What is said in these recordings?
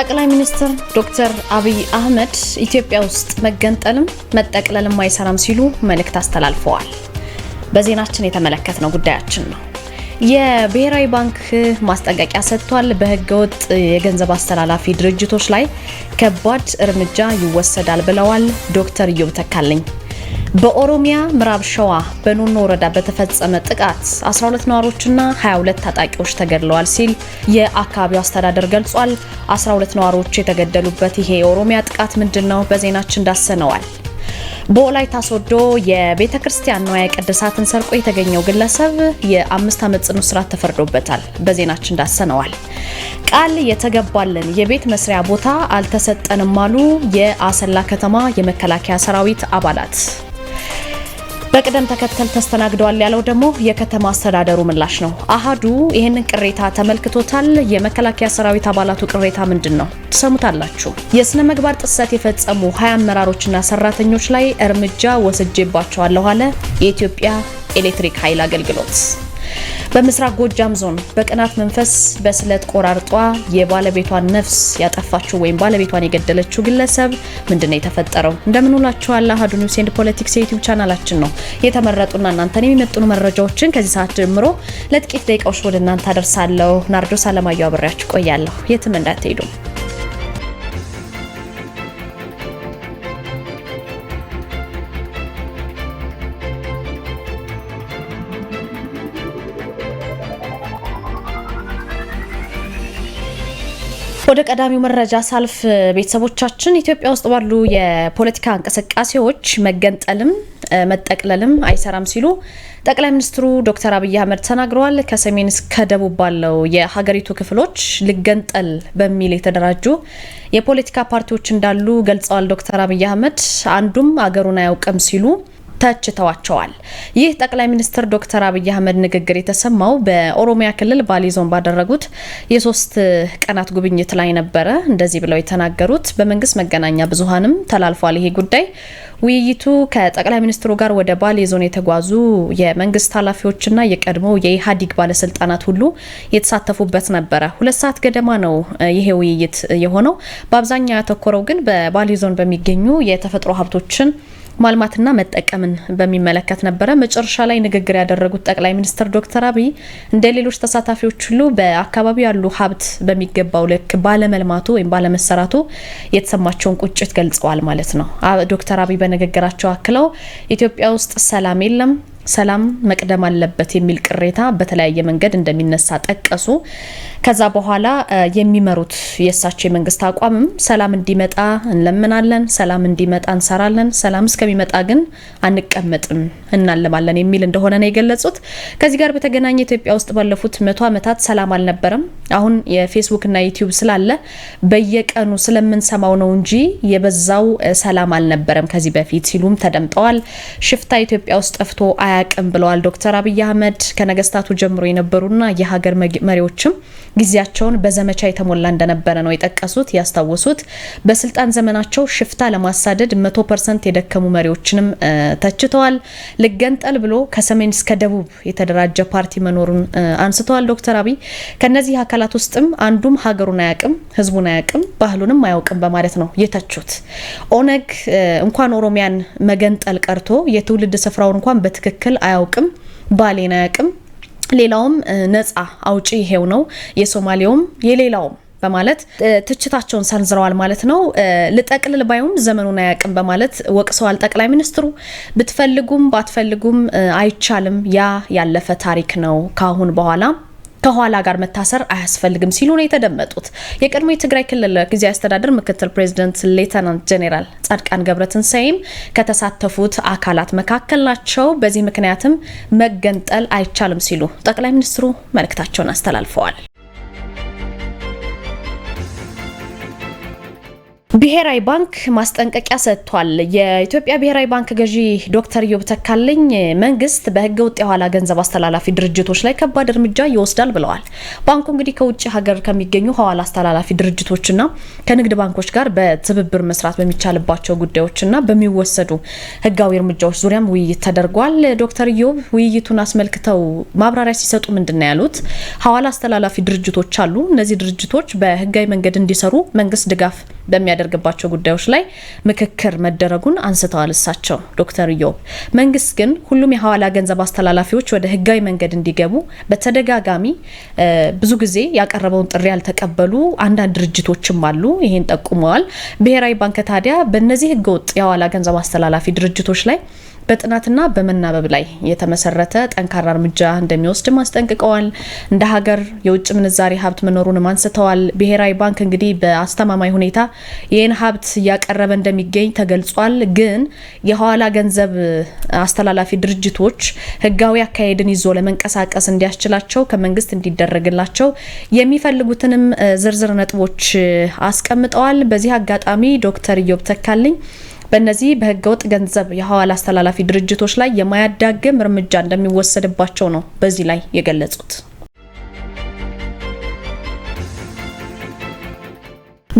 ጠቅላይ ሚኒስትር ዶክተር አብይ አህመድ ኢትዮጵያ ውስጥ መገንጠልም መጠቅለልም አይሰራም ሲሉ መልእክት አስተላልፈዋል። በዜናችን የተመለከትነው ጉዳያችን ነው። የብሔራዊ ባንክ ማስጠንቀቂያ ሰጥቷል። በህገወጥ የገንዘብ አስተላላፊ ድርጅቶች ላይ ከባድ እርምጃ ይወሰዳል ብለዋል ዶክተር እዮብ ተካልኝ። በኦሮሚያ ምዕራብ ሸዋ በኖኖ ወረዳ በተፈጸመ ጥቃት 12 ነዋሪዎችና 22 ታጣቂዎች ተገድለዋል ሲል የአካባቢው አስተዳደር ገልጿል። 12 ነዋሪዎች የተገደሉበት ይሄ የኦሮሚያ ጥቃት ምንድን ነው? በዜናችን ዳሰነዋል። በወላይታ ሶዶ የቤተ ክርስቲያን ንዋየ ቅድሳትን ሰርቆ የተገኘው ግለሰብ የአምስት ዓመት ጽኑ እስራት ተፈርዶበታል። በዜናችን ዳሰነዋል። ቃል የተገባልን የቤት መስሪያ ቦታ አልተሰጠንም አሉ የአሰላ ከተማ የመከላከያ ሰራዊት አባላት። በቅደም ተከተል ተስተናግደዋል ያለው ደግሞ የከተማ አስተዳደሩ ምላሽ ነው። አሃዱ ይህንን ቅሬታ ተመልክቶታል። የመከላከያ ሰራዊት አባላቱ ቅሬታ ምንድን ነው? ትሰሙታላችሁ። የስነ ምግባር ጥሰት የፈጸሙ ሀያ አመራሮችና ሰራተኞች ላይ እርምጃ ወስጄባቸዋለሁ አለ የኢትዮጵያ ኤሌክትሪክ ኃይል አገልግሎት። በምስራቅ ጎጃም ዞን በቅናት መንፈስ በስለት ቆራርጧ የባለቤቷን ነፍስ ያጠፋችው ወይም ባለቤቷን የገደለችው ግለሰብ ምንድን ነው የተፈጠረው? እንደምንውላችኋል። አሀዱ ኒውስ ኤንድ ፖለቲክስ የዩቲዩብ ቻናላችን ነው። የተመረጡና እናንተን የሚመጥኑ መረጃዎችን ከዚህ ሰዓት ጀምሮ ለጥቂት ደቂቃዎች ወደ እናንተ አደርሳለሁ። ናርዶስ አለማየሁ አብሬያችሁ ቆያለሁ። የትም እንዳትሄዱም ወደ ቀዳሚው መረጃ ሳልፍ ቤተሰቦቻችን ኢትዮጵያ ውስጥ ባሉ የፖለቲካ እንቅስቃሴዎች መገንጠልም መጠቅለልም አይሰራም ሲሉ ጠቅላይ ሚኒስትሩ ዶክተር አብይ አህመድ ተናግረዋል። ከሰሜን እስከ ደቡብ ባለው የሀገሪቱ ክፍሎች ልገንጠል በሚል የተደራጁ የፖለቲካ ፓርቲዎች እንዳሉ ገልጸዋል። ዶክተር አብይ አህመድ አንዱም አገሩን አያውቅም ሲሉ ተችተዋቸዋል። ይህ ጠቅላይ ሚኒስትር ዶክተር አብይ አህመድ ንግግር የተሰማው በኦሮሚያ ክልል ባሌ ዞን ባደረጉት የሶስት ቀናት ጉብኝት ላይ ነበረ። እንደዚህ ብለው የተናገሩት በመንግስት መገናኛ ብዙሀንም ተላልፏል። ይሄ ጉዳይ ውይይቱ ከጠቅላይ ሚኒስትሩ ጋር ወደ ባሌ ዞን የተጓዙ የመንግስት ኃላፊዎችና የቀድሞ የኢህአዴግ ባለስልጣናት ሁሉ የተሳተፉበት ነበረ። ሁለት ሰዓት ገደማ ነው ይሄ ውይይት የሆነው። በአብዛኛው ያተኮረው ግን በባሌ ዞን በሚገኙ የተፈጥሮ ሀብቶችን ማልማትና መጠቀምን በሚመለከት ነበረ። መጨረሻ ላይ ንግግር ያደረጉት ጠቅላይ ሚኒስትር ዶክተር አብይ እንደ ሌሎች ተሳታፊዎች ሁሉ በአካባቢው ያሉ ሀብት በሚገባው ልክ ባለመልማቱ ወይም ባለመሰራቱ የተሰማቸውን ቁጭት ገልጸዋል ማለት ነው። ዶክተር አብይ በንግግራቸው አክለው ኢትዮጵያ ውስጥ ሰላም የለም ሰላም መቅደም አለበት የሚል ቅሬታ በተለያየ መንገድ እንደሚነሳ ጠቀሱ። ከዛ በኋላ የሚመሩት የእሳቸው የመንግስት አቋምም ሰላም እንዲመጣ እንለምናለን፣ ሰላም እንዲመጣ እንሰራለን፣ ሰላም እስከሚመጣ ግን አንቀመጥም፣ እናለማለን የሚል እንደሆነ ነው የገለጹት። ከዚህ ጋር በተገናኘ ኢትዮጵያ ውስጥ ባለፉት መቶ ዓመታት ሰላም አልነበረም። አሁን የፌስቡክና ዩቲዩብ ስላለ በየቀኑ ስለምንሰማው ነው እንጂ የበዛው ሰላም አልነበረም ከዚህ በፊት ሲሉም ተደምጠዋል። ሽፍታ ኢትዮጵያ ውስጥ ጠፍቶ አያ አያቅም ብለዋል ዶክተር አብይ አህመድ። ከነገስታቱ ጀምሮ የነበሩና የሀገር መሪዎችም ጊዜያቸውን በዘመቻ የተሞላ እንደነበረ ነው የጠቀሱት ያስታወሱት። በስልጣን ዘመናቸው ሽፍታ ለማሳደድ መቶ ፐርሰንት የደከሙ መሪዎችንም ተችተዋል። ልገንጠል ብሎ ከሰሜን እስከ ደቡብ የተደራጀ ፓርቲ መኖሩን አንስተዋል ዶክተር አብይ። ከነዚህ አካላት ውስጥም አንዱም ሀገሩን አያውቅም፣ ህዝቡን አያውቅም፣ ባህሉንም አያውቅም በማለት ነው የተቹት። ኦነግ እንኳን ኦሮሚያን መገንጠል ቀርቶ የትውልድ ስፍራውን እንኳን በትክክል ትክክል አያውቅም፣ ባሌን አያውቅም፣ ሌላውም ነፃ አውጪ ይሄው ነው የሶማሌውም የሌላውም በማለት ትችታቸውን ሰንዝረዋል ማለት ነው። ልጠቅልል ባዩም ዘመኑን አያውቅም በማለት ወቅሰዋል ጠቅላይ ሚኒስትሩ። ብትፈልጉም ባትፈልጉም አይቻልም፣ ያ ያለፈ ታሪክ ነው ካሁን በኋላ ከኋላ ጋር መታሰር አያስፈልግም ሲሉ ነው የተደመጡት። የቀድሞ የትግራይ ክልል ጊዜ አስተዳደር ምክትል ፕሬዚደንት ሌተናንት ጄኔራል ጻድቃን ገብረትንሳኤም ከተሳተፉት አካላት መካከል ናቸው። በዚህ ምክንያትም መገንጠል አይቻልም ሲሉ ጠቅላይ ሚኒስትሩ መልእክታቸውን አስተላልፈዋል። ብሔራዊ ባንክ ማስጠንቀቂያ ሰጥቷል። የኢትዮጵያ ብሔራዊ ባንክ ገዢ ዶክተር ዮብ ተካልኝ መንግስት በህገ ወጥ የኋላ ገንዘብ አስተላላፊ ድርጅቶች ላይ ከባድ እርምጃ ይወስዳል ብለዋል። ባንኩ እንግዲህ ከውጭ ሀገር ከሚገኙ ሀዋላ አስተላላፊ ድርጅቶችና ከንግድ ባንኮች ጋር በትብብር መስራት በሚቻልባቸው ጉዳዮችና በሚወሰዱ ህጋዊ እርምጃዎች ዙሪያም ውይይት ተደርጓል። ዶክተር ዮብ ውይይቱን አስመልክተው ማብራሪያ ሲሰጡ ምንድን ነው ያሉት? ሀዋላ አስተላላፊ ድርጅቶች አሉ። እነዚህ ድርጅቶች በህጋዊ መንገድ እንዲሰሩ መንግስት ድጋፍ በሚያደርግ በሚያደርግባቸው ጉዳዮች ላይ ምክክር መደረጉን አንስተዋል። እሳቸው ዶክተር ኢዮብ መንግስት ግን ሁሉም የሐዋላ ገንዘብ አስተላላፊዎች ወደ ህጋዊ መንገድ እንዲገቡ በተደጋጋሚ ብዙ ጊዜ ያቀረበውን ጥሪ ያልተቀበሉ አንዳንድ ድርጅቶችም አሉ። ይህን ጠቁመዋል። ብሔራዊ ባንክ ታዲያ በእነዚህ ህገወጥ የሐዋላ ገንዘብ አስተላላፊ ድርጅቶች ላይ በጥናትና በመናበብ ላይ የተመሰረተ ጠንካራ እርምጃ እንደሚወስድም አስጠንቅቀዋል። እንደ ሀገር የውጭ ምንዛሬ ሀብት መኖሩንም አንስተዋል። ብሔራዊ ባንክ እንግዲህ በአስተማማኝ ሁኔታ ይህን ሀብት እያቀረበ እንደሚገኝ ተገልጿል። ግን የሐዋላ ገንዘብ አስተላላፊ ድርጅቶች ህጋዊ አካሄድን ይዞ ለመንቀሳቀስ እንዲያስችላቸው ከመንግስት እንዲደረግላቸው የሚፈልጉትንም ዝርዝር ነጥቦች አስቀምጠዋል። በዚህ አጋጣሚ ዶክተር ኢዮብ ተካልኝ በእነዚህ በህገወጥ ገንዘብ የሐዋላ አስተላላፊ ድርጅቶች ላይ የማያዳግም እርምጃ እንደሚወሰድባቸው ነው በዚህ ላይ የገለጹት።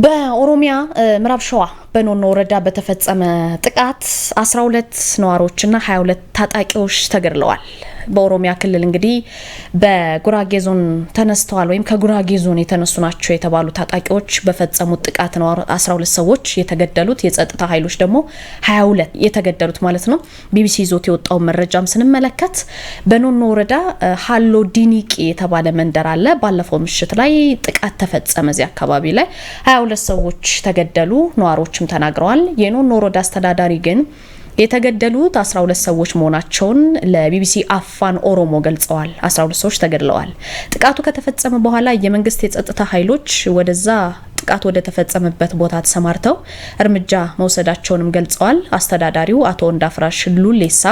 በኦሮሚያ ምዕራብ ሸዋ በኖኖ ወረዳ በተፈጸመ ጥቃት 12 ነዋሪዎችና 22 ታጣቂዎች ተገድለዋል። በኦሮሚያ ክልል እንግዲህ በጉራጌ ዞን ተነስተዋል ወይም ከጉራጌ ዞን የተነሱ ናቸው የተባሉ ታጣቂዎች በፈጸሙት ጥቃት ነው 12 ሰዎች የተገደሉት፣ የጸጥታ ኃይሎች ደግሞ 22 የተገደሉት ማለት ነው። ቢቢሲ ይዞት የወጣውን መረጃም ስንመለከት በኖኖ ወረዳ ሀሎ ዲኒቂ የተባለ መንደር አለ። ባለፈው ምሽት ላይ ጥቃት ተፈጸመ። እዚህ አካባቢ ላይ 22 ሰዎች ተገደሉ ነዋሪዎችም ተናግረዋል። የኖኖ ወረዳ አስተዳዳሪ ግን የተገደሉት 12 ሰዎች መሆናቸውን ለቢቢሲ አፋን ኦሮሞ ገልጸዋል። 12 ሰዎች ተገድለዋል። ጥቃቱ ከተፈጸመ በኋላ የመንግስት የጸጥታ ኃይሎች ወደዛ ጥቃት ወደ ተፈጸመበት ቦታ ተሰማርተው እርምጃ መውሰዳቸውንም ገልጸዋል። አስተዳዳሪው አቶ እንዳፍራሽ ሉሌሳ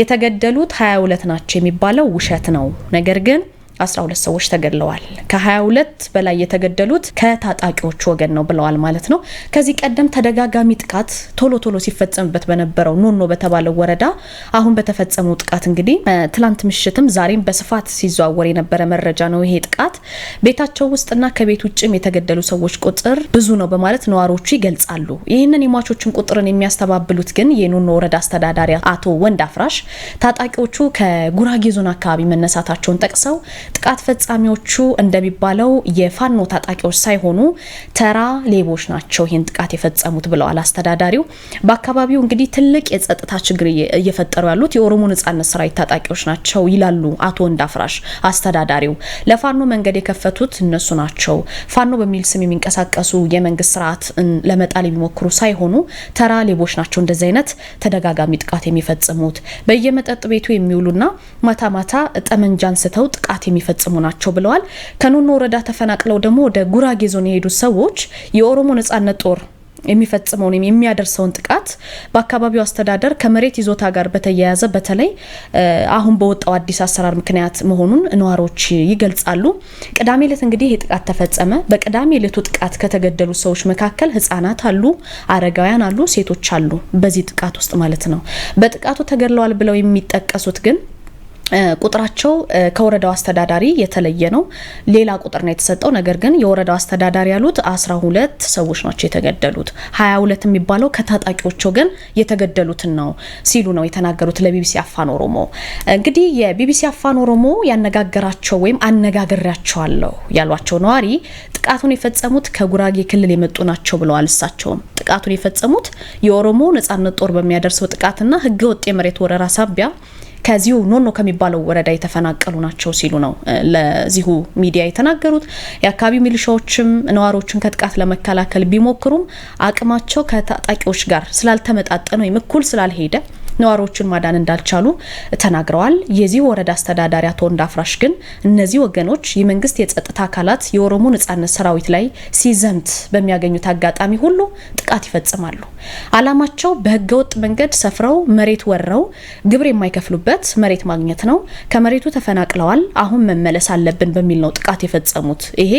የተገደሉት 22 ናቸው የሚባለው ውሸት ነው፣ ነገር ግን 12 ሰዎች ተገድለዋል። ከ22 በላይ የተገደሉት ከታጣቂዎቹ ወገን ነው ብለዋል ማለት ነው። ከዚህ ቀደም ተደጋጋሚ ጥቃት ቶሎ ቶሎ ሲፈጸምበት በነበረው ኖኖ በተባለው ወረዳ አሁን በተፈጸመው ጥቃት እንግዲህ ትላንት ምሽትም ዛሬም በስፋት ሲዘዋወር የነበረ መረጃ ነው። ይሄ ጥቃት ቤታቸው ውስጥና ከቤት ውጭም የተገደሉ ሰዎች ቁጥር ብዙ ነው በማለት ነዋሪዎቹ ይገልጻሉ። ይህንን የሟቾችን ቁጥርን የሚያስተባብሉት ግን የኖኖ ወረዳ አስተዳዳሪ አቶ ወንድ አፍራሽ ታጣቂዎቹ ከጉራጌ ዞን አካባቢ መነሳታቸውን ጠቅሰው ጥቃት ፈጻሚዎቹ እንደሚባለው የፋኖ ታጣቂዎች ሳይሆኑ ተራ ሌቦች ናቸው ይህን ጥቃት የፈጸሙት ብለዋል አስተዳዳሪው። በአካባቢው እንግዲህ ትልቅ የጸጥታ ችግር እየፈጠሩ ያሉት የኦሮሞ ነጻነት ሰራዊት ታጣቂዎች ናቸው ይላሉ አቶ እንዳፍራሽ አስተዳዳሪው። ለፋኖ መንገድ የከፈቱት እነሱ ናቸው። ፋኖ በሚል ስም የሚንቀሳቀሱ የመንግስት ስርዓት ለመጣል የሚሞክሩ ሳይሆኑ ተራ ሌቦች ናቸው እንደዚህ አይነት ተደጋጋሚ ጥቃት የሚፈጽሙት በየመጠጥ ቤቱ የሚውሉና ማታ ማታ ጠመንጃ አንስተው ጥቃት የሚ የሚፈጽሙ ናቸው ብለዋል። ከኖኖ ወረዳ ተፈናቅለው ደግሞ ወደ ጉራጌ ዞን የሄዱ ሰዎች የኦሮሞ ነጻነት ጦር የሚፈጽመውን ወይም የሚያደርሰውን ጥቃት በአካባቢው አስተዳደር ከመሬት ይዞታ ጋር በተያያዘ በተለይ አሁን በወጣው አዲስ አሰራር ምክንያት መሆኑን ነዋሪዎች ይገልጻሉ። ቅዳሜ ዕለት እንግዲህ ይህ ጥቃት ተፈጸመ። በቅዳሜ ዕለቱ ጥቃት ከተገደሉ ሰዎች መካከል ህጻናት አሉ፣ አረጋውያን አሉ፣ ሴቶች አሉ። በዚህ ጥቃት ውስጥ ማለት ነው። በጥቃቱ ተገድለዋል ብለው የሚጠቀሱት ግን ቁጥራቸው ከወረዳው አስተዳዳሪ የተለየ ነው። ሌላ ቁጥር ነው የተሰጠው። ነገር ግን የወረዳው አስተዳዳሪ ያሉት 12 ሰዎች ናቸው የተገደሉት። 22 የሚባለው ከታጣቂዎቹ ግን የተገደሉትን ነው ሲሉ ነው የተናገሩት ለቢቢሲ አፋን ኦሮሞ። እንግዲህ የቢቢሲ አፋን ኦሮሞ ያነጋገራቸው ወይም አነጋግሬያቸዋለሁ ያሏቸው ነዋሪ ጥቃቱን የፈጸሙት ከጉራጌ ክልል የመጡ ናቸው ብለዋል። እሳቸውም ጥቃቱን የፈጸሙት የኦሮሞ ነጻነት ጦር በሚያደርሰው ጥቃትና ህገወጥ የመሬት ወረራ ሳቢያ ከዚሁ ኖኖ ከሚባለው ወረዳ የተፈናቀሉ ናቸው ሲሉ ነው ለዚሁ ሚዲያ የተናገሩት። የአካባቢው ሚሊሻዎችም ነዋሪዎችን ከጥቃት ለመከላከል ቢሞክሩም አቅማቸው ከታጣቂዎች ጋር ስላልተመጣጠነ ወይም እኩል ስላልሄደ ነዋሪዎቹን ማዳን እንዳልቻሉ ተናግረዋል። የዚህ ወረዳ አስተዳዳሪ አቶ ወንዳፍራሽ ግን እነዚህ ወገኖች የመንግስት የጸጥታ አካላት የኦሮሞ ነጻነት ሰራዊት ላይ ሲዘምት በሚያገኙት አጋጣሚ ሁሉ ጥቃት ይፈጽማሉ። አላማቸው በህገወጥ መንገድ ሰፍረው መሬት ወረው ግብር የማይከፍሉበት መሬት ማግኘት ነው። ከመሬቱ ተፈናቅለዋል፣ አሁን መመለስ አለብን በሚል ነው ጥቃት የፈጸሙት። ይሄ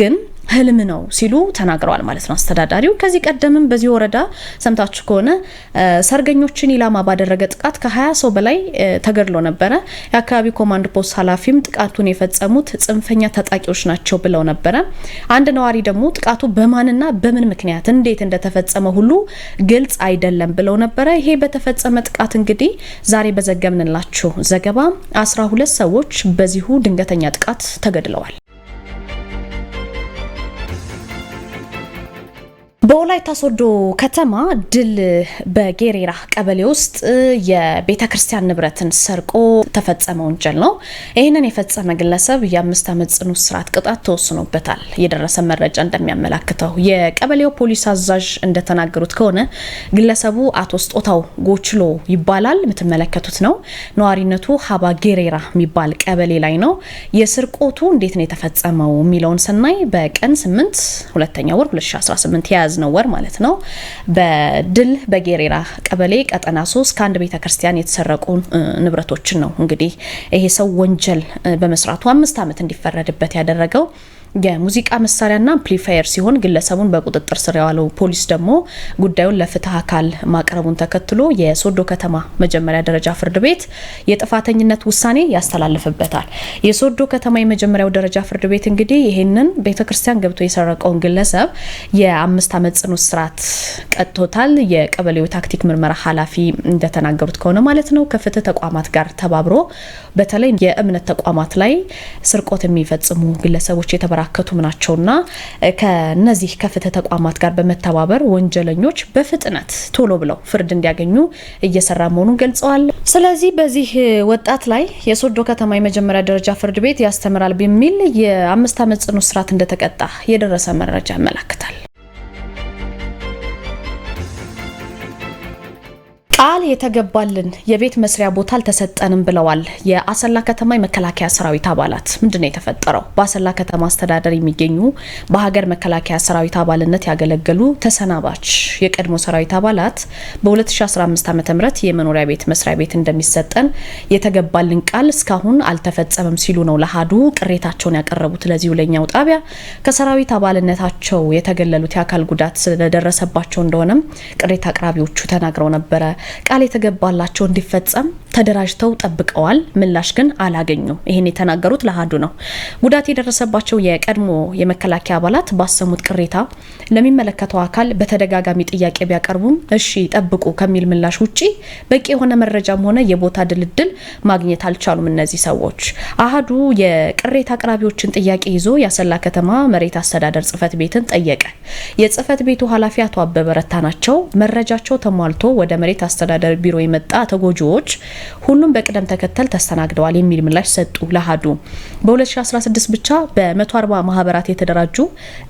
ግን ህልም ነው ሲሉ ተናግረዋል ማለት ነው አስተዳዳሪው። ከዚህ ቀደምም በዚህ ወረዳ ሰምታችሁ ከሆነ ሰርገኞችን ኢላማ ባደረገ ጥቃት ከ20 ሰው በላይ ተገድሎ ነበረ። የአካባቢው ኮማንድ ፖስት ኃላፊም ጥቃቱን የፈጸሙት ጽንፈኛ ታጣቂዎች ናቸው ብለው ነበረ። አንድ ነዋሪ ደግሞ ጥቃቱ በማንና በምን ምክንያት እንዴት እንደተፈጸመ ሁሉ ግልጽ አይደለም ብለው ነበረ። ይሄ በተፈጸመ ጥቃት እንግዲህ ዛሬ በዘገምንላችሁ ዘገባ 12 ሰዎች በዚሁ ድንገተኛ ጥቃት ተገድለዋል። በወላይታ ሶዶ ከተማ ድል በጌሬራ ቀበሌ ውስጥ የቤተ ክርስቲያን ንብረትን ሰርቆ ተፈጸመ ወንጀል ነው። ይህንን የፈጸመ ግለሰብ የአምስት ዓመት ጽኑ እስራት ቅጣት ተወስኖበታል። የደረሰ መረጃ እንደሚያመላክተው የቀበሌው ፖሊስ አዛዥ እንደተናገሩት ከሆነ ግለሰቡ አቶ ስጦታው ጎችሎ ይባላል። የምትመለከቱት ነው። ነዋሪነቱ ሀባ ጌሬራ የሚባል ቀበሌ ላይ ነው። የስርቆቱ እንዴት ነው የተፈጸመው የሚለውን ስናይ በቀን 8 ሁለተኛ ወር 2018 የያዝ በያዝነው ወር ማለት ነው በድል በጌሬራ ቀበሌ ቀጠና ሶስት ከአንድ ቤተ ክርስቲያን የተሰረቁ ንብረቶችን ነው እንግዲህ ይሄ ሰው ወንጀል በመስራቱ አምስት ዓመት እንዲፈረድበት ያደረገው። የሙዚቃ መሳሪያና አምፕሊፋየር ሲሆን ግለሰቡን በቁጥጥር ስር የዋለው ፖሊስ ደግሞ ጉዳዩን ለፍትህ አካል ማቅረቡን ተከትሎ የሶዶ ከተማ መጀመሪያ ደረጃ ፍርድ ቤት የጥፋተኝነት ውሳኔ ያስተላልፍበታል። የሶዶ ከተማ የመጀመሪያው ደረጃ ፍርድ ቤት እንግዲህ ይህንን ቤተክርስቲያን ገብቶ የሰረቀውን ግለሰብ የአምስት ዓመት ጽኑ እስራት ቀጥቶታል። የቀበሌው ታክቲክ ምርመራ ኃላፊ እንደተናገሩት ከሆነ ማለት ነው ከፍትህ ተቋማት ጋር ተባብሮ በተለይ የእምነት ተቋማት ላይ ስርቆት የሚፈጽሙ ግለሰቦች የተበራ የሚበራከቱም ናቸውና ከነዚህ ከፍትህ ተቋማት ጋር በመተባበር ወንጀለኞች በፍጥነት ቶሎ ብለው ፍርድ እንዲያገኙ እየሰራ መሆኑን ገልጸዋል። ስለዚህ በዚህ ወጣት ላይ የሶዶ ከተማ የመጀመሪያ ደረጃ ፍርድ ቤት ያስተምራል በሚል የአምስት ዓመት ጽኑ እስራት እንደተቀጣ የደረሰ መረጃ ያመላክታል። ቃል የተገባልን የቤት መስሪያ ቦታ አልተሰጠንም ብለዋል የአሰላ ከተማ የመከላከያ ሰራዊት አባላት። ምንድን ነው የተፈጠረው? በአሰላ ከተማ አስተዳደር የሚገኙ በሀገር መከላከያ ሰራዊት አባልነት ያገለገሉ ተሰናባች የቀድሞ ሰራዊት አባላት በ2015 ዓ ም የመኖሪያ ቤት መስሪያ ቤት እንደሚሰጠን የተገባልን ቃል እስካሁን አልተፈጸመም ሲሉ ነው ለሀዱ ቅሬታቸውን ያቀረቡት። ለዚሁ ለኛው ጣቢያ ከሰራዊት አባልነታቸው የተገለሉት የአካል ጉዳት ስለደረሰባቸው እንደሆነም ቅሬታ አቅራቢዎቹ ተናግረው ነበረ። ቃል የተገባላቸው እንዲፈጸም ተደራጅተው ጠብቀዋል። ምላሽ ግን አላገኙም። ይህን የተናገሩት ለአሀዱ ነው። ጉዳት የደረሰባቸው የቀድሞ የመከላከያ አባላት ባሰሙት ቅሬታ ለሚመለከተው አካል በተደጋጋሚ ጥያቄ ቢያቀርቡም እሺ ጠብቁ ከሚል ምላሽ ውጪ በቂ የሆነ መረጃም ሆነ የቦታ ድልድል ማግኘት አልቻሉም። እነዚህ ሰዎች አሀዱ የቅሬታ አቅራቢዎችን ጥያቄ ይዞ ያሰላ ከተማ መሬት አስተዳደር ጽህፈት ቤትን ጠየቀ። የጽህፈት ቤቱ ኃላፊ አቶ አበበረታ ናቸው። መረጃቸው ተሟልቶ ወደ መሬት አስተዳደር ቢሮ የመጣ ተጎጂዎች ሁሉም በቅደም ተከተል ተስተናግደዋል የሚል ምላሽ ሰጡ። ለአሀዱ በ2016 ብቻ በ140 ማህበራት የተደራጁ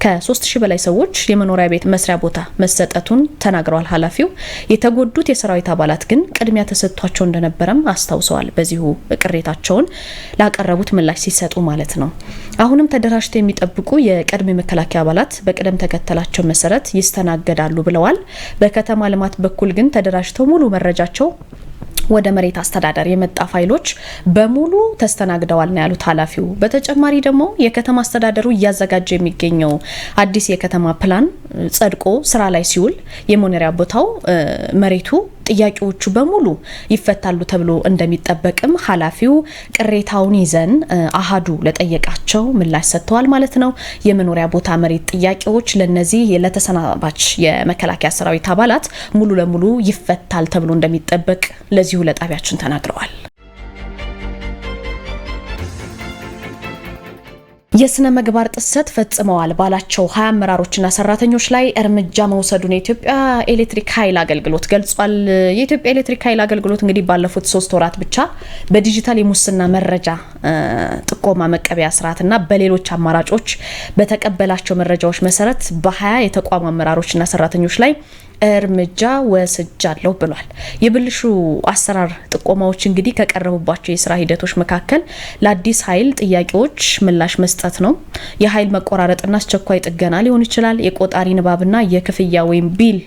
ከ3000 በላይ ሰዎች የመኖሪያ ቤት መስሪያ ቦታ መሰጠቱን ተናግረዋል ኃላፊው። የተጎዱት የሰራዊት አባላት ግን ቅድሚያ ተሰጥቷቸው እንደነበረም አስታውሰዋል። በዚሁ ቅሬታቸውን ላቀረቡት ምላሽ ሲሰጡ ማለት ነው። አሁንም ተደራጅተው የሚጠብቁ የቀድሞ መከላከያ አባላት በቅደም ተከተላቸው መሰረት ይስተናገዳሉ ብለዋል። በከተማ ልማት በኩል ግን ተደራጅተው ሙሉ ሙሉ መረጃቸው ወደ መሬት አስተዳደር የመጣ ፋይሎች በሙሉ ተስተናግደዋል ነው ያሉት ኃላፊው። በተጨማሪ ደግሞ የከተማ አስተዳደሩ እያዘጋጀ የሚገኘው አዲስ የከተማ ፕላን ጸድቆ ስራ ላይ ሲውል የመኖሪያ ቦታው መሬቱ ጥያቄዎቹ በሙሉ ይፈታሉ ተብሎ እንደሚጠበቅም ኃላፊው ቅሬታውን ይዘን አሃዱ ለጠየቃቸው ምላሽ ሰጥተዋል ማለት ነው። የመኖሪያ ቦታ መሬት ጥያቄዎች ለነዚህ ለተሰናባች የመከላከያ ሰራዊት አባላት ሙሉ ለሙሉ ይፈታል ተብሎ እንደሚጠበቅ ለዚሁ ለጣቢያችን ተናግረዋል። የስነ ምግባር ጥሰት ፈጽመዋል ባላቸው ሀያ አመራሮችና ሰራተኞች ላይ እርምጃ መውሰዱን የኢትዮጵያ ኤሌክትሪክ ኃይል አገልግሎት ገልጿል። የኢትዮጵያ ኤሌክትሪክ ኃይል አገልግሎት እንግዲህ ባለፉት ሶስት ወራት ብቻ በዲጂታል የሙስና መረጃ ጥቆማ መቀበያ ስርዓትና በሌሎች አማራጮች በተቀበላቸው መረጃዎች መሰረት በሀያ የተቋሙ አመራሮችና ሰራተኞች ላይ እርምጃ ወስጃለሁ ብሏል። የብልሹ አሰራር ጥቆማዎች እንግዲህ ከቀረቡባቸው የስራ ሂደቶች መካከል ለአዲስ ኃይል ጥያቄዎች ምላሽ መስጠት ነው። የኃይል መቆራረጥና አስቸኳይ ጥገና ሊሆን ይችላል። የቆጣሪ ንባብና የክፍያ ወይም ቢል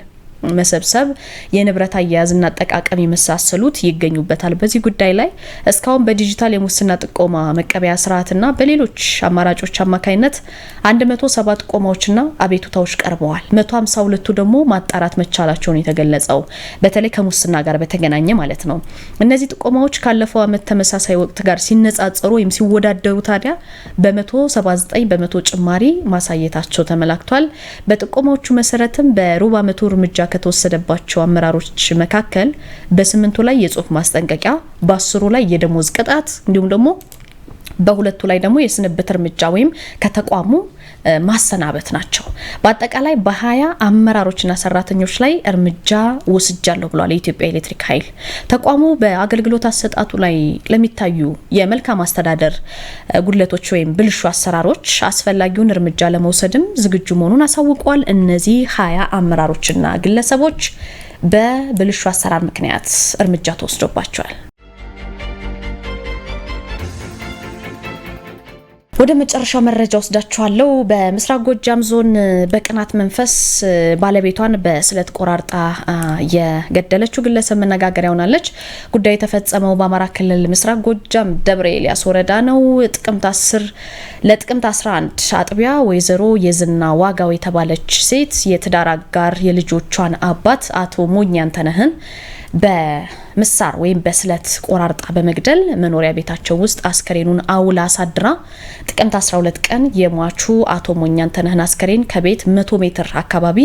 መሰብሰብ፣ የንብረት አያያዝና አጠቃቀም የመሳሰሉት ይገኙበታል። በዚህ ጉዳይ ላይ እስካሁን በዲጂታል የሙስና ጥቆማ መቀበያ ስርዓትና በሌሎች አማራጮች አማካኝነት 107 ጥቆማዎችና አቤቱታዎች ቀርበዋል። 152ቱ ደግሞ ማጣራት መቻላቸውን የተገለጸው በተለይ ከሙስና ጋር በተገናኘ ማለት ነው። እነዚህ ጥቆማዎች ካለፈው ዓመት ተመሳሳይ ወቅት ጋር ሲነጻጸሩ ወይም ሲወዳደሩ ታዲያ በ179 በመቶ ጭማሪ ማሳየታቸው ተመላክቷል። በጥቆማዎቹ መሰረትም በሩብ ዓመቱ እርምጃ ከተወሰደባቸው አመራሮች መካከል በስምንቱ ላይ የጽሁፍ ማስጠንቀቂያ፣ በአስሩ ላይ የደሞዝ ቅጣት እንዲሁም ደግሞ በሁለቱ ላይ ደግሞ የስንብት እርምጃ ወይም ከተቋሙ ማሰናበት ናቸው። በአጠቃላይ በሀያ አመራሮችና ሰራተኞች ላይ እርምጃ ወስጃለሁ ብሏል የኢትዮጵያ ኤሌክትሪክ ኃይል። ተቋሙ በአገልግሎት አሰጣጡ ላይ ለሚታዩ የመልካም አስተዳደር ጉድለቶች ወይም ብልሹ አሰራሮች አስፈላጊውን እርምጃ ለመውሰድም ዝግጁ መሆኑን አሳውቋል። እነዚህ ሀያ አመራሮችና ግለሰቦች በብልሹ አሰራር ምክንያት እርምጃ ተወስዶባቸዋል። ወደ መጨረሻው መረጃ ወስዳችኋለሁ። በምስራቅ ጎጃም ዞን በቅናት መንፈስ ባለቤቷን በስለት ቆራርጣ የገደለችው ግለሰብ መነጋገሪያ ሆናለች። ጉዳዩ የተፈጸመው በአማራ ክልል ምስራቅ ጎጃም ደብረ ኤልያስ ወረዳ ነው። ጥቅምት 10 ለጥቅምት 11 አጥቢያ ወይዘሮ የዝና ዋጋው የተባለች ሴት የትዳር አጋር የልጆቿን አባት አቶ ሞኛንተነህን በምሳር ወይም በስለት ቆራርጣ በመግደል መኖሪያ ቤታቸው ውስጥ አስከሬኑን አውላ አሳድራ ጥቅምት 12 ቀን የሟቹ አቶ ሞኛን ተነህን አስከሬን ከቤት 100 ሜትር አካባቢ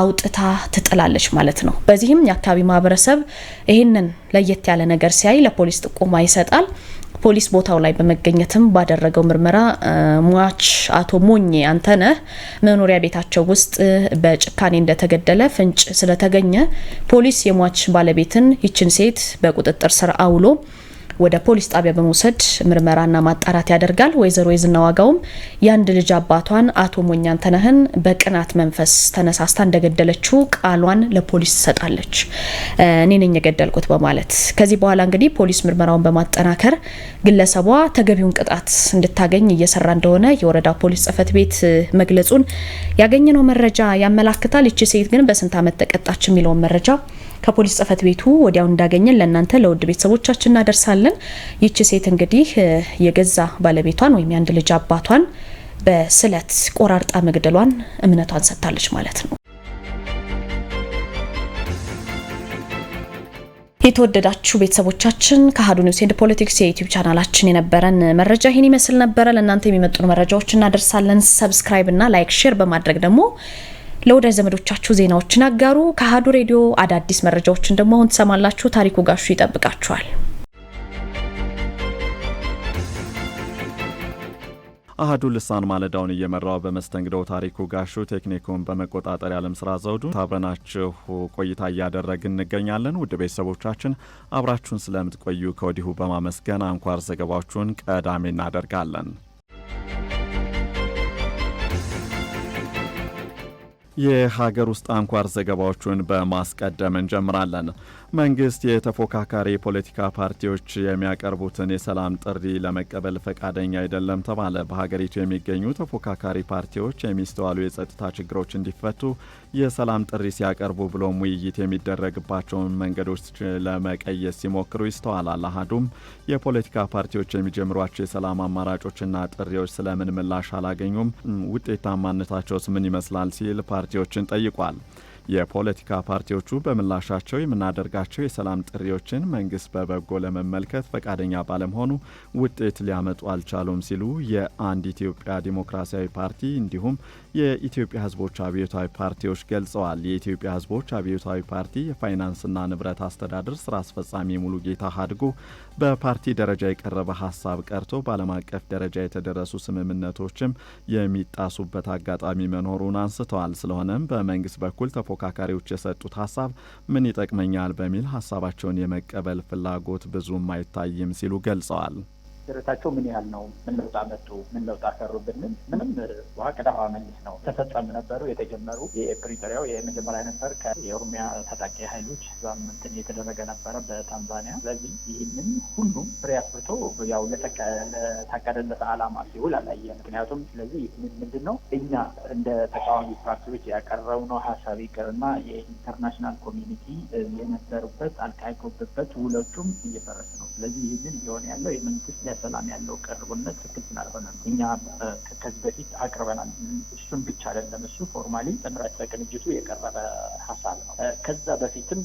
አውጥታ ትጥላለች ማለት ነው። በዚህም የአካባቢ ማህበረሰብ ይህንን ለየት ያለ ነገር ሲያይ ለፖሊስ ጥቆማ ይሰጣል። ፖሊስ ቦታው ላይ በመገኘትም ባደረገው ምርመራ ሟች አቶ ሞኜ አንተነህ መኖሪያ ቤታቸው ውስጥ በጭካኔ እንደተገደለ ፍንጭ ስለተገኘ ፖሊስ የሟች ባለቤትን ይችን ሴት በቁጥጥር ስር አውሎ ወደ ፖሊስ ጣቢያ በመውሰድ ምርመራና ማጣራት ያደርጋል። ወይዘሮ የዝና ዋጋውም የአንድ ልጅ አባቷን አቶ ሞኛን ተነህን በቅናት መንፈስ ተነሳስታ እንደገደለችው ቃሏን ለፖሊስ ትሰጣለች። እኔ ነኝ የገደልኩት በማለት ከዚህ በኋላ እንግዲህ ፖሊስ ምርመራውን በማጠናከር ግለሰቧ ተገቢውን ቅጣት እንድታገኝ እየሰራ እንደሆነ የወረዳ ፖሊስ ጽፈት ቤት መግለጹን ያገኘነው መረጃ ያመላክታል። ይቺ ሴት ግን በስንት ዓመት ተቀጣች የሚለውን መረጃ ከፖሊስ ጽፈት ቤቱ ወዲያው እንዳገኘን ለእናንተ ለውድ ቤተሰቦቻችን እናደርሳለን። ይቺ ሴት እንግዲህ የገዛ ባለቤቷን ወይም የአንድ ልጅ አባቷን በስለት ቆራርጣ መግደሏን እምነቷን ሰጥታለች ማለት ነው። የተወደዳችሁ ቤተሰቦቻችን ከአሀዱ ኒውስ ኤንድ ፖለቲክስ የዩቲዩብ ቻናላችን የነበረን መረጃ ይህን ይመስል ነበረ። ለእናንተ የሚመጡን መረጃዎች እናደርሳለን። ሰብስክራይብ እና ላይክ ሼር በማድረግ ደግሞ ለወዳጅ ዘመዶቻችሁ ዜናዎችን አጋሩ። ከአሀዱ ሬዲዮ አዳዲስ መረጃዎችን ደግሞ አሁን ትሰማላችሁ። ታሪኩ ጋሹ ይጠብቃችኋል። አህዱ ልሳን ማለዳውን እየመራው በመስተንግደው ታሪኩ ጋሹ፣ ቴክኒኩን በመቆጣጠር ያለም ስራ ዘውዱ፣ አብረናችሁ ቆይታ እያደረግን እንገኛለን። ውድ ቤተሰቦቻችን አብራችሁን ስለምትቆዩ ከወዲሁ በማመስገን አንኳር ዘገባዎቹን ቀዳሚ እናደርጋለን። የሀገር ውስጥ አንኳር ዘገባዎቹን በማስቀደም እንጀምራለን። መንግስት የተፎካካሪ የፖለቲካ ፓርቲዎች የሚያቀርቡትን የሰላም ጥሪ ለመቀበል ፈቃደኛ አይደለም ተባለ። በሀገሪቱ የሚገኙ ተፎካካሪ ፓርቲዎች የሚስተዋሉ የጸጥታ ችግሮች እንዲፈቱ የሰላም ጥሪ ሲያቀርቡ ብሎም ውይይት የሚደረግባቸውን መንገዶች ለመቀየስ ሲሞክሩ ይስተዋላል። አሀዱም የፖለቲካ ፓርቲዎች የሚጀምሯቸው የሰላም አማራጮችና ጥሪዎች ስለምን ምላሽ አላገኙም፣ ውጤታማነታቸውስ ምን ይመስላል ሲል ፓርቲዎችን ጠይቋል። የፖለቲካ ፓርቲዎቹ በምላሻቸው የምናደርጋቸው የሰላም ጥሪዎችን መንግስት በበጎ ለመመልከት ፈቃደኛ ባለመሆኑ ውጤት ሊያመጡ አልቻሉም ሲሉ የአንድ ኢትዮጵያ ዲሞክራሲያዊ ፓርቲ እንዲሁም የኢትዮጵያ ህዝቦች አብዮታዊ ፓርቲዎች ገልጸዋል። የኢትዮጵያ ህዝቦች አብዮታዊ ፓርቲ የፋይናንስና ንብረት አስተዳደር ስራ አስፈጻሚ ጌታ አድጎ። በፓርቲ ደረጃ የቀረበ ሀሳብ ቀርቶ በዓለም አቀፍ ደረጃ የተደረሱ ስምምነቶችም የሚጣሱበት አጋጣሚ መኖሩን አንስተዋል። ስለሆነም በመንግስት በኩል ተፎካካሪዎች የሰጡት ሀሳብ ምን ይጠቅመኛል በሚል ሀሳባቸውን የመቀበል ፍላጎት ብዙም አይታይም ሲሉ ገልጸዋል። መሰረታቸው ምን ያህል ነው? ምን ለውጥ አመጡ? ምን ለውጥ አሰሩ ብንል ምንም ውሃ ቀዳ መልስ ነው። ተፈጸም ነበሩ የተጀመሩ የፕሪቶሪያው የመጀመሪያ ነበር የኦሮሚያ ታጣቂ ኃይሎች ዛምንትን የተደረገ ነበረ በታንዛኒያ። ስለዚህ ይህንን ሁሉም ፍሬ አፍርቶ ያው ለታቀደለት አላማ ሲውል አላየ። ምክንያቱም ስለዚህ ይህንን ምንድን ነው እኛ እንደ ተቃዋሚ ፓርቲዎች ያቀረው ነው ሀሳብ ይቅርና የኢንተርናሽናል ኮሚኒቲ የነበሩበት አልቃይቆብበት ውለቱም እየፈረስ ነው። ስለዚህ ይህንን እየሆነ ያለው የመንግስት ሰላም ያለው ቀርቦነት ትክክል ስላልሆነ እኛ ከዚህ በፊት አቅርበናል። እሱን ብቻ አይደለም፣ እሱ ፎርማሊ ጥምረት በቅንጅቱ የቀረበ ሀሳብ ነው። ከዛ በፊትም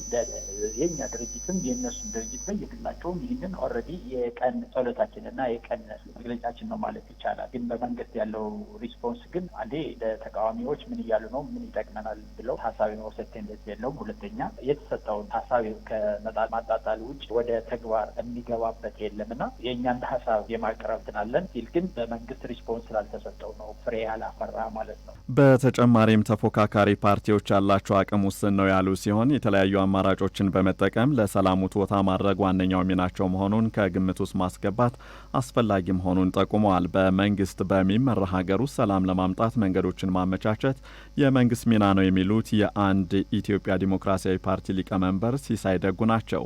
የኛ ድርጅትም የእነሱን ድርጅት በየግላቸውም ይህንን ኦልሬዲ የቀን ጸሎታችን እና የቀን መግለጫችን ነው ማለት ይቻላል። ግን በመንግስት ያለው ሪስፖንስ ግን አንዴ ለተቃዋሚዎች ምን እያሉ ነው፣ ምን ይጠቅመናል ብለው ሀሳቢ መውሰድ ቴንደንስ የለውም። ሁለተኛ የተሰጠውን ሀሳቢ ከመጣል ማጣጣል ውጭ ወደ ተግባር የሚገባበት የለምና የእኛን ሀሳብ ሀሳብ የማቅረብ ትናለን ሲል ግን በመንግስት ሪስፖንስ ስላልተሰጠው ነው ፍሬ ያላፈራ ማለት ነው። በተጨማሪም ተፎካካሪ ፓርቲዎች ያላቸው አቅም ውስን ነው ያሉ ሲሆን የተለያዩ አማራጮችን በመጠቀም ለሰላሙ ቦታ ማድረግ ዋነኛው ሚናቸው መሆኑን ከግምት ውስጥ ማስገባት አስፈላጊ መሆኑን ጠቁመዋል። በመንግስት በሚመራ ሀገር ውስጥ ሰላም ለማምጣት መንገዶችን ማመቻቸት የመንግስት ሚና ነው የሚሉት የአንድ ኢትዮጵያ ዲሞክራሲያዊ ፓርቲ ሊቀመንበር ሲሳይ ደጉ ናቸው።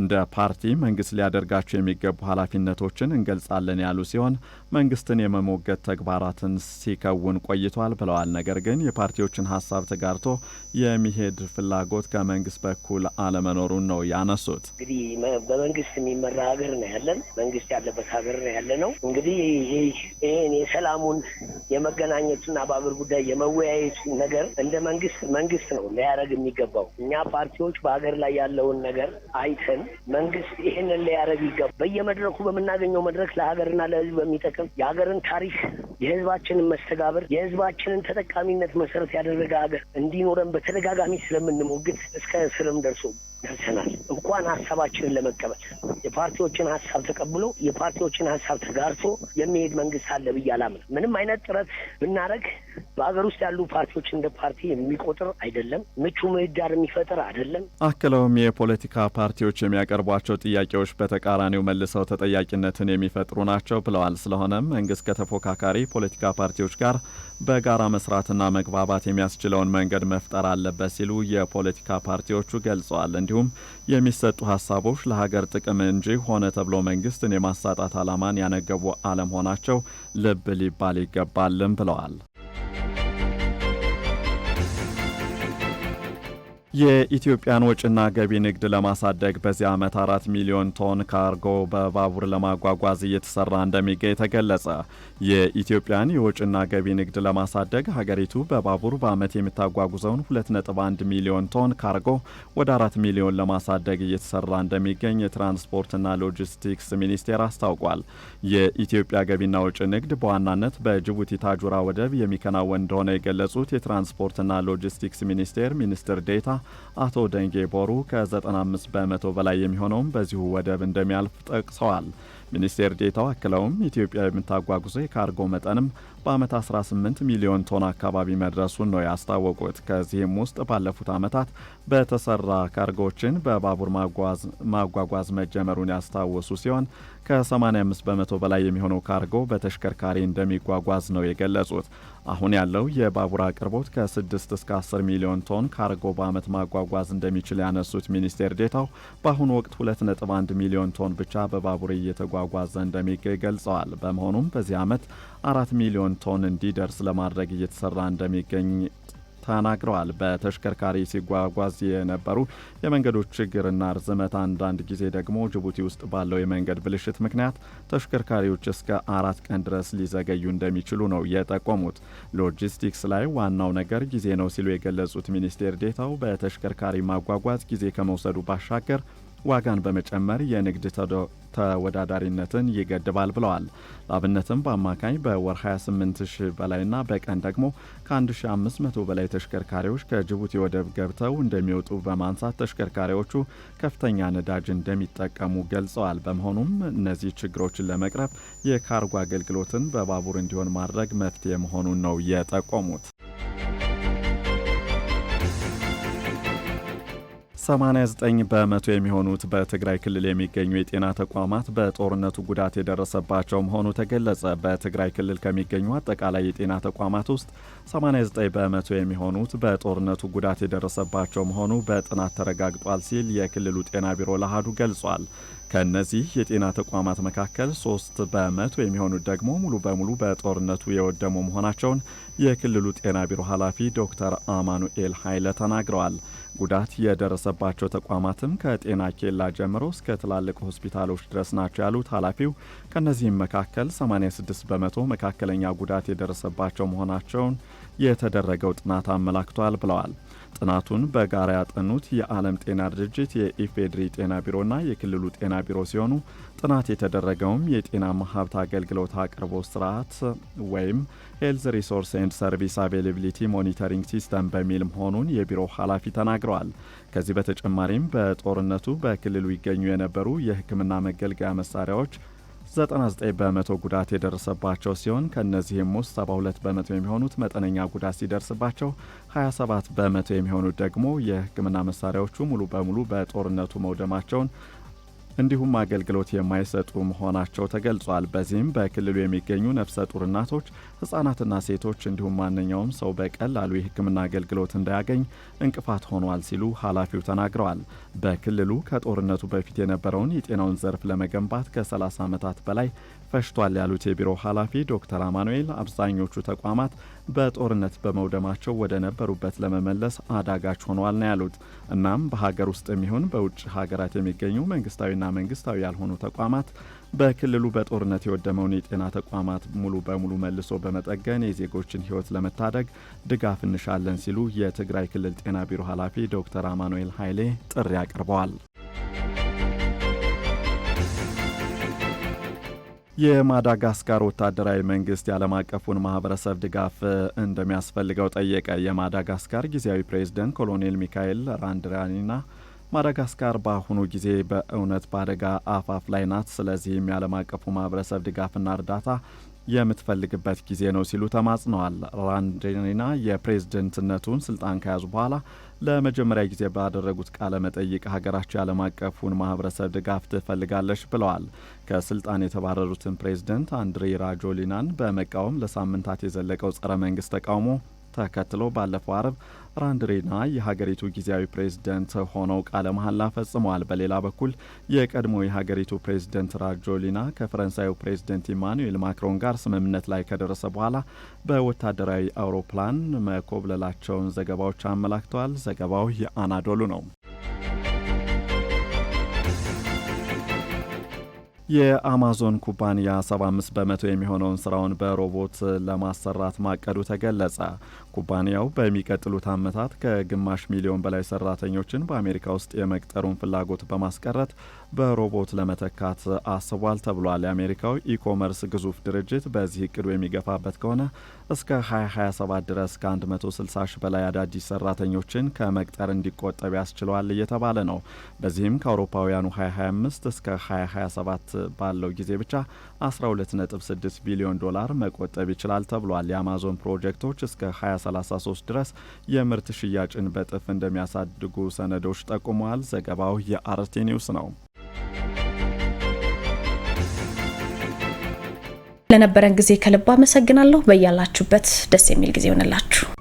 እንደ ፓርቲ መንግስት ሊያደርጋቸው የሚገቡ ኃላፊነቶችን እንገልጻለን ያሉ ሲሆን መንግስትን የመሞገት ተግባራትን ሲከውን ቆይቷል ብለዋል። ነገር ግን የፓርቲዎችን ሀሳብ ተጋርቶ የሚሄድ ፍላጎት ከመንግስት በኩል አለመኖሩን ነው ያነሱት። እንግዲህ በመንግስት የሚመራ ሀገር ነው ያለን፣ መንግስት ያለበት ሀገር ነው ያለ ነው። እንግዲህ ይህን የሰላሙን የመገናኘቱና ባብር ጉዳይ የመወያየቱ ነገር እንደ መንግስት መንግስት ነው ሊያደርግ የሚገባው። እኛ ፓርቲዎች በሀገር ላይ ያለውን ነገር አይተን መንግስት ይህንን ሊያደርግ ይገባ በየመድረኩ በምናገኘው መድረክ ለሀገርና ለህዝብ በሚጠቅ ጥቅም የሀገርን ታሪክ የህዝባችንን መስተጋብር የህዝባችንን ተጠቃሚነት መሰረት ያደረገ ሀገር እንዲኖረን በተደጋጋሚ ስለምንሞግት እስከ ስርም ደርሶ ደርሰናል። እንኳን ሀሳባችንን ለመቀበል የፓርቲዎችን ሀሳብ ተቀብሎ የፓርቲዎችን ሀሳብ ተጋርቶ የሚሄድ መንግስት አለ ብዬ አላምንም። ምንም አይነት ጥረት ብናደረግ በሀገር ውስጥ ያሉ ፓርቲዎች እንደ ፓርቲ የሚቆጥር አይደለም፣ ምቹ ምህዳር የሚፈጥር አይደለም። አክለውም የፖለቲካ ፓርቲዎች የሚያቀርቧቸው ጥያቄዎች በተቃራኒው መልሰው ተጠያቂነትን የሚፈጥሩ ናቸው ብለዋል። ስለሆነም መንግስት ከተፎካካሪ ፖለቲካ ፓርቲዎች ጋር በጋራ መስራትና መግባባት የሚያስችለውን መንገድ መፍጠር አለበት ሲሉ የፖለቲካ ፓርቲዎቹ ገልጸዋል። እንዲሁም የሚሰጡ ሀሳቦች ለሀገር ጥቅም እንጂ ሆነ ተብሎ መንግስትን የማሳጣት ዓላማን ያነገቡ አለመሆናቸው ልብ ሊባል ይገባልም ብለዋል። የኢትዮጵያን ወጪና ገቢ ንግድ ለማሳደግ በዚህ ዓመት አራት ሚሊዮን ቶን ካርጎ በባቡር ለማጓጓዝ እየተሰራ እንደሚገኝ ተገለጸ። የኢትዮጵያን የወጪና ገቢ ንግድ ለማሳደግ ሀገሪቱ በባቡር በዓመት የምታጓጉዘውን 2.1 ሚሊዮን ቶን ካርጎ ወደ አራት ሚሊዮን ለማሳደግ እየተሰራ እንደሚገኝ የትራንስፖርትና ሎጂስቲክስ ሚኒስቴር አስታውቋል። የኢትዮጵያ ገቢና ወጪ ንግድ በዋናነት በጅቡቲ ታጁራ ወደብ የሚከናወን እንደሆነ የገለጹት የትራንስፖርትና ሎጂስቲክስ ሚኒስቴር ሚኒስትር ዴታ አቶ ደንጌ ቦሩ ከ95 በመቶ በላይ የሚሆነውም በዚሁ ወደብ እንደሚያልፍ ጠቅሰዋል። ሚኒስቴር ዴታው አክለውም ኢትዮጵያ የምታጓጉዘው የካርጎ መጠንም በዓመት 18 ሚሊዮን ቶን አካባቢ መድረሱን ነው ያስታወቁት። ከዚህም ውስጥ ባለፉት ዓመታት በተሰራ ካርጎችን በባቡር ማጓጓዝ መጀመሩን ያስታወሱ ሲሆን ከ85 በመቶ በላይ የሚሆነው ካርጎ በተሽከርካሪ እንደሚጓጓዝ ነው የገለጹት። አሁን ያለው የባቡር አቅርቦት ከ6 እስከ 10 ሚሊዮን ቶን ካርጎ በዓመት ማጓጓዝ እንደሚችል ያነሱት ሚኒስቴር ዴታው በአሁኑ ወቅት 2.1 ሚሊዮን ቶን ብቻ በባቡር እየተጓጓዘ እንደሚገኝ ገልጸዋል። በመሆኑም በዚህ ዓመት አራት ሚሊዮን ቶን እንዲደርስ ለማድረግ እየተሰራ እንደሚገኝ ተናግረዋል። በተሽከርካሪ ሲጓጓዝ የነበሩ የመንገዶች ችግርና ርዝመት፣ አንዳንድ ጊዜ ደግሞ ጅቡቲ ውስጥ ባለው የመንገድ ብልሽት ምክንያት ተሽከርካሪዎች እስከ አራት ቀን ድረስ ሊዘገዩ እንደሚችሉ ነው የጠቆሙት። ሎጂስቲክስ ላይ ዋናው ነገር ጊዜ ነው ሲሉ የገለጹት ሚኒስቴር ዴታው በተሽከርካሪ ማጓጓዝ ጊዜ ከመውሰዱ ባሻገር ዋጋን በመጨመር የንግድ ተወዳዳሪነትን ይገድባል ብለዋል። ለአብነትም በአማካኝ በወር 28 በላይ በላይና በቀን ደግሞ ከ1500 በላይ ተሽከርካሪዎች ከጅቡቲ ወደብ ገብተው እንደሚወጡ በማንሳት ተሽከርካሪዎቹ ከፍተኛ ነዳጅ እንደሚጠቀሙ ገልጸዋል። በመሆኑም እነዚህ ችግሮችን ለመቅረፍ የካርጎ አገልግሎትን በባቡር እንዲሆን ማድረግ መፍትሄ መሆኑን ነው የጠቆሙት። 89 በመቶ የሚሆኑት በትግራይ ክልል የሚገኙ የጤና ተቋማት በጦርነቱ ጉዳት የደረሰባቸው መሆኑ ተገለጸ። በትግራይ ክልል ከሚገኙ አጠቃላይ የጤና ተቋማት ውስጥ 89 በመቶ የሚሆኑት በጦርነቱ ጉዳት የደረሰባቸው መሆኑ በጥናት ተረጋግጧል ሲል የክልሉ ጤና ቢሮ ለአሃዱ ገልጿል። ከእነዚህ የጤና ተቋማት መካከል ሶስት በመቶ የሚሆኑት ደግሞ ሙሉ በሙሉ በጦርነቱ የወደሙ መሆናቸውን የክልሉ ጤና ቢሮ ኃላፊ ዶክተር አማኑኤል ኃይለ ተናግረዋል። ጉዳት የደረሰባቸው ተቋማትም ከጤና ኬላ ጀምሮ እስከ ትላልቅ ሆስፒታሎች ድረስ ናቸው ያሉት ኃላፊው፣ ከእነዚህም መካከል 86 በመቶ መካከለኛ ጉዳት የደረሰባቸው መሆናቸውን የተደረገው ጥናት አመላክቷል ብለዋል። ጥናቱን በጋራ ያጠኑት የዓለም ጤና ድርጅት የኢፌድሪ ጤና ቢሮና የክልሉ ጤና ቢሮ ሲሆኑ ጥናት የተደረገውም የጤና ሀብት አገልግሎት አቅርቦት ስርዓት ወይም ሄልዝ ሪሶርስ ኤንድ ሰርቪስ አቬይላቢሊቲ ሞኒተሪንግ ሲስተም በሚል መሆኑን የቢሮው ኃላፊ ተናግረዋል። ከዚህ በተጨማሪም በጦርነቱ በክልሉ ይገኙ የነበሩ የሕክምና መገልገያ መሳሪያዎች 99 በመቶ ጉዳት የደረሰባቸው ሲሆን ከእነዚህም ውስጥ 72 በመቶ የሚሆኑት መጠነኛ ጉዳት ሲደርስባቸው 27 በመቶ የሚሆኑት ደግሞ የሕክምና መሳሪያዎቹ ሙሉ በሙሉ በጦርነቱ መውደማቸውን እንዲሁም አገልግሎት የማይሰጡ መሆናቸው ተገልጿል። በዚህም በክልሉ የሚገኙ ነፍሰ ጡር እናቶች፣ ህጻናትና ሴቶች እንዲሁም ማንኛውም ሰው በቀላሉ የህክምና አገልግሎት እንዳያገኝ እንቅፋት ሆኗል ሲሉ ኃላፊው ተናግረዋል። በክልሉ ከጦርነቱ በፊት የነበረውን የጤናውን ዘርፍ ለመገንባት ከ30 ዓመታት በላይ ፈሽቷል ያሉት የቢሮ ኃላፊ ዶክተር አማኑኤል አብዛኞቹ ተቋማት በጦርነት በመውደማቸው ወደ ነበሩበት ለመመለስ አዳጋች ሆኗል ነው ያሉት። እናም በሀገር ውስጥ የሚሆን በውጭ ሀገራት የሚገኙ መንግስታዊና መንግስታዊ ያልሆኑ ተቋማት በክልሉ በጦርነት የወደመውን የጤና ተቋማት ሙሉ በሙሉ መልሶ በመጠገን የዜጎችን ሕይወት ለመታደግ ድጋፍ እንሻለን ሲሉ የትግራይ ክልል ጤና ቢሮ ኃላፊ ዶክተር አማኑኤል ኃይሌ ጥሪ አቅርበዋል። የማዳጋስካር ወታደራዊ መንግስት የዓለም አቀፉን ማህበረሰብ ድጋፍ እንደሚያስፈልገው ጠየቀ። የማዳጋስካር ጊዜያዊ ፕሬዝደንት ኮሎኔል ሚካኤል ራንድራኒና ማዳጋስካር በአሁኑ ጊዜ በእውነት በአደጋ አፋፍ ላይ ናት፣ ስለዚህም የዓለም አቀፉ ማህበረሰብ ድጋፍና እርዳታ የምትፈልግበት ጊዜ ነው ሲሉ ተማጽነዋል። ራንዴና የፕሬዝደንትነቱን ስልጣን ከያዙ በኋላ ለመጀመሪያ ጊዜ ባደረጉት ቃለ መጠይቅ ሀገራቸው የዓለም አቀፉን ማህበረሰብ ድጋፍ ትፈልጋለች ብለዋል። ከስልጣን የተባረሩትን ፕሬዝደንት አንድሬ ራጆሊናን በመቃወም ለሳምንታት የዘለቀው ጸረ መንግስት ተቃውሞ ተከትሎ ባለፈው አርብ ራንድሬና የሀገሪቱ ጊዜያዊ ፕሬዝደንት ሆነው ቃለ መሐላ ፈጽመዋል። በሌላ በኩል የቀድሞ የሀገሪቱ ፕሬዝደንት ራጆሊና ከፈረንሳዩ ፕሬዝደንት ኢማኑኤል ማክሮን ጋር ስምምነት ላይ ከደረሰ በኋላ በወታደራዊ አውሮፕላን መኮብለላቸውን ዘገባዎች አመላክተዋል። ዘገባው የአናዶሉ ነው። የአማዞን ኩባንያ 75 በመቶ የሚሆነውን ስራውን በሮቦት ለማሰራት ማቀዱ ተገለጸ። ኩባንያው በሚቀጥሉት ዓመታት ከግማሽ ሚሊዮን በላይ ሰራተኞችን በአሜሪካ ውስጥ የመቅጠሩን ፍላጎት በማስቀረት በሮቦት ለመተካት አስቧል ተብሏል። የአሜሪካው ኢኮመርስ ግዙፍ ድርጅት በዚህ እቅዱ የሚገፋበት ከሆነ እስከ 2027 ድረስ ከ160 ሺ በላይ አዳዲስ ሰራተኞችን ከመቅጠር እንዲቆጠብ ያስችለዋል እየተባለ ነው። በዚህም ከአውሮፓውያኑ 2025 እስከ 2027 ባለው ጊዜ ብቻ 126 ቢሊዮን ዶላር መቆጠብ ይችላል ተብሏል። የአማዞን ፕሮጀክቶች እስከ 2033 ድረስ የምርት ሽያጭን በጥፍ እንደሚያሳድጉ ሰነዶች ጠቁመዋል። ዘገባው የአርቲ ኒውስ ነው። ለነበረን ጊዜ ከልብ አመሰግናለሁ። በያላችሁበት ደስ የሚል ጊዜ ይሆንላችሁ።